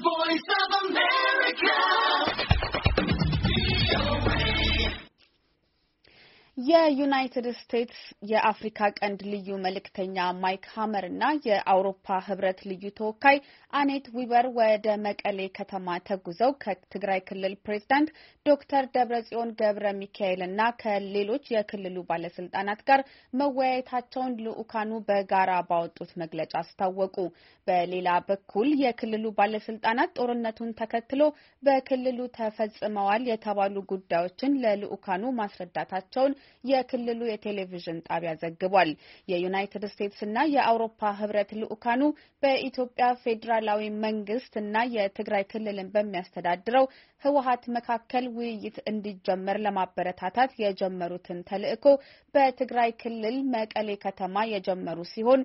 voice of a man. የዩናይትድ ስቴትስ የአፍሪካ ቀንድ ልዩ መልእክተኛ ማይክ ሀመር እና የአውሮፓ ህብረት ልዩ ተወካይ አኔት ዊበር ወደ መቀሌ ከተማ ተጉዘው ከትግራይ ክልል ፕሬዚዳንት ዶክተር ደብረጽዮን ገብረ ሚካኤል እና ከሌሎች የክልሉ ባለስልጣናት ጋር መወያየታቸውን ልዑካኑ በጋራ ባወጡት መግለጫ አስታወቁ። በሌላ በኩል የክልሉ ባለስልጣናት ጦርነቱን ተከትሎ በክልሉ ተፈጽመዋል የተባሉ ጉዳዮችን ለልዑካኑ ማስረዳታቸውን የክልሉ የቴሌቪዥን ጣቢያ ዘግቧል። የዩናይትድ ስቴትስና የአውሮፓ ህብረት ልዑካኑ በኢትዮጵያ ፌዴራላዊ መንግስት እና የትግራይ ክልልን በሚያስተዳድረው ህወሀት መካከል ውይይት እንዲጀመር ለማበረታታት የጀመሩትን ተልዕኮ በትግራይ ክልል መቀሌ ከተማ የጀመሩ ሲሆን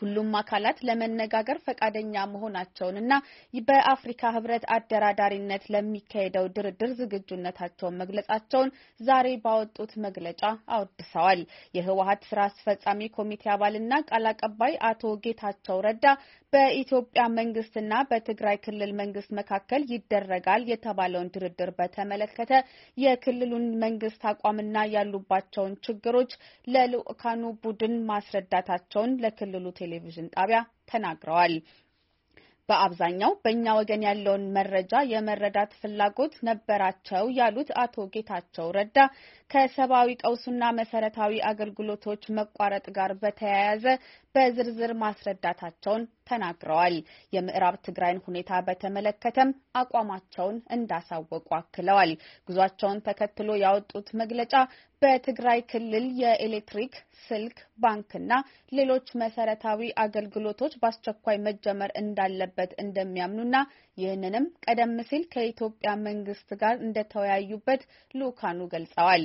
ሁሉም አካላት ለመነጋገር ፈቃደኛ መሆናቸውን እና በአፍሪካ ህብረት አደራዳሪነት ለሚካሄደው ድርድር ዝግጁነታቸውን መግለጻቸውን ዛሬ ባወጡት መግለጫ አወድሰዋል። የህወሀት ስራ አስፈጻሚ ኮሚቴ አባልና ቃል አቀባይ አቶ ጌታቸው ረዳ በኢትዮጵያ መንግስትና በትግራይ ክልል መንግስት መካከል ይደረጋል የተባለውን ድርድር በተመለከተ የክልሉን መንግስት አቋምና ያሉባቸውን ችግሮች ለልኡካኑ ቡድን ማስረዳታቸውን ለክልሉ ቴሌቪዥን ጣቢያ ተናግረዋል። በአብዛኛው በእኛ ወገን ያለውን መረጃ የመረዳት ፍላጎት ነበራቸው ያሉት አቶ ጌታቸው ረዳ ከሰብአዊ ቀውሱና መሰረታዊ አገልግሎቶች መቋረጥ ጋር በተያያዘ በዝርዝር ማስረዳታቸውን ተናግረዋል። የምዕራብ ትግራይን ሁኔታ በተመለከተም አቋማቸውን እንዳሳወቁ አክለዋል። ጉዟቸውን ተከትሎ ያወጡት መግለጫ በትግራይ ክልል የኤሌክትሪክ፣ ስልክ፣ ባንክና ሌሎች መሰረታዊ አገልግሎቶች በአስቸኳይ መጀመር እንዳለበት እንደሚያምኑና ይህንንም ቀደም ሲል ከኢትዮጵያ መንግስት ጋር እንደተወያዩበት ልኡካኑ ገልጸዋል።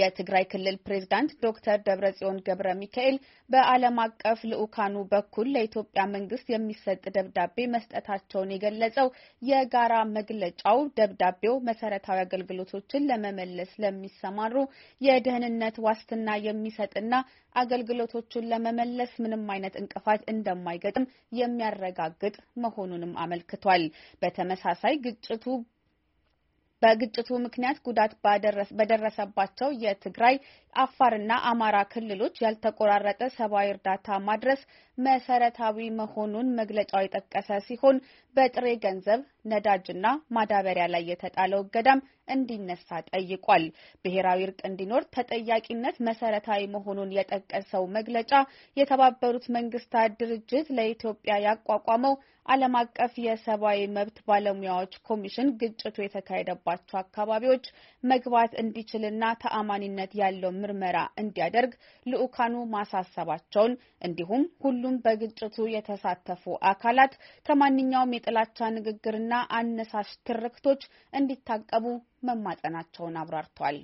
የትግራይ ክልል ፕሬዝዳንት ዶክተር ደብረጽዮን ገብረ ሚካኤል በዓለም አቀፍ ልዑካኑ በኩል ለኢትዮጵያ መንግስት የሚሰጥ ደብዳቤ መስጠታቸውን የገለጸው የጋራ መግለጫው ደብዳቤው መሰረታዊ አገልግሎቶችን ለመመለስ ለሚሰማሩ የደህንነት ዋስትና የሚሰጥና አገልግሎቶቹን ለመመለስ ምንም አይነት እንቅፋት እንደማይገጥም የሚያረጋግጥ መሆኑንም አመልክቷል። በተመሳሳይ ግጭቱ በግጭቱ ምክንያት ጉዳት በደረሰባቸው የትግራይ አፋርና አማራ ክልሎች ያልተቆራረጠ ሰብአዊ እርዳታ ማድረስ መሰረታዊ መሆኑን መግለጫው የጠቀሰ ሲሆን በጥሬ ገንዘብ ነዳጅና ማዳበሪያ ላይ የተጣለው እገዳም እንዲነሳ ጠይቋል። ብሔራዊ እርቅ እንዲኖር ተጠያቂነት መሰረታዊ መሆኑን የጠቀሰው መግለጫ የተባበሩት መንግስታት ድርጅት ለኢትዮጵያ ያቋቋመው ዓለም አቀፍ የሰብአዊ መብት ባለሙያዎች ኮሚሽን ግጭቱ የተካሄደባቸው አካባቢዎች መግባት እንዲችልና ተአማኒነት ያለው ምርመራ እንዲያደርግ ልዑካኑ ማሳሰባቸውን እንዲሁም ሁሉም በግጭቱ የተሳተፉ አካላት ከማንኛውም የጥላቻ ንግግርና አነሳሽ ትርክቶች እንዲታቀቡ መማጠናቸውን አብራርቷል።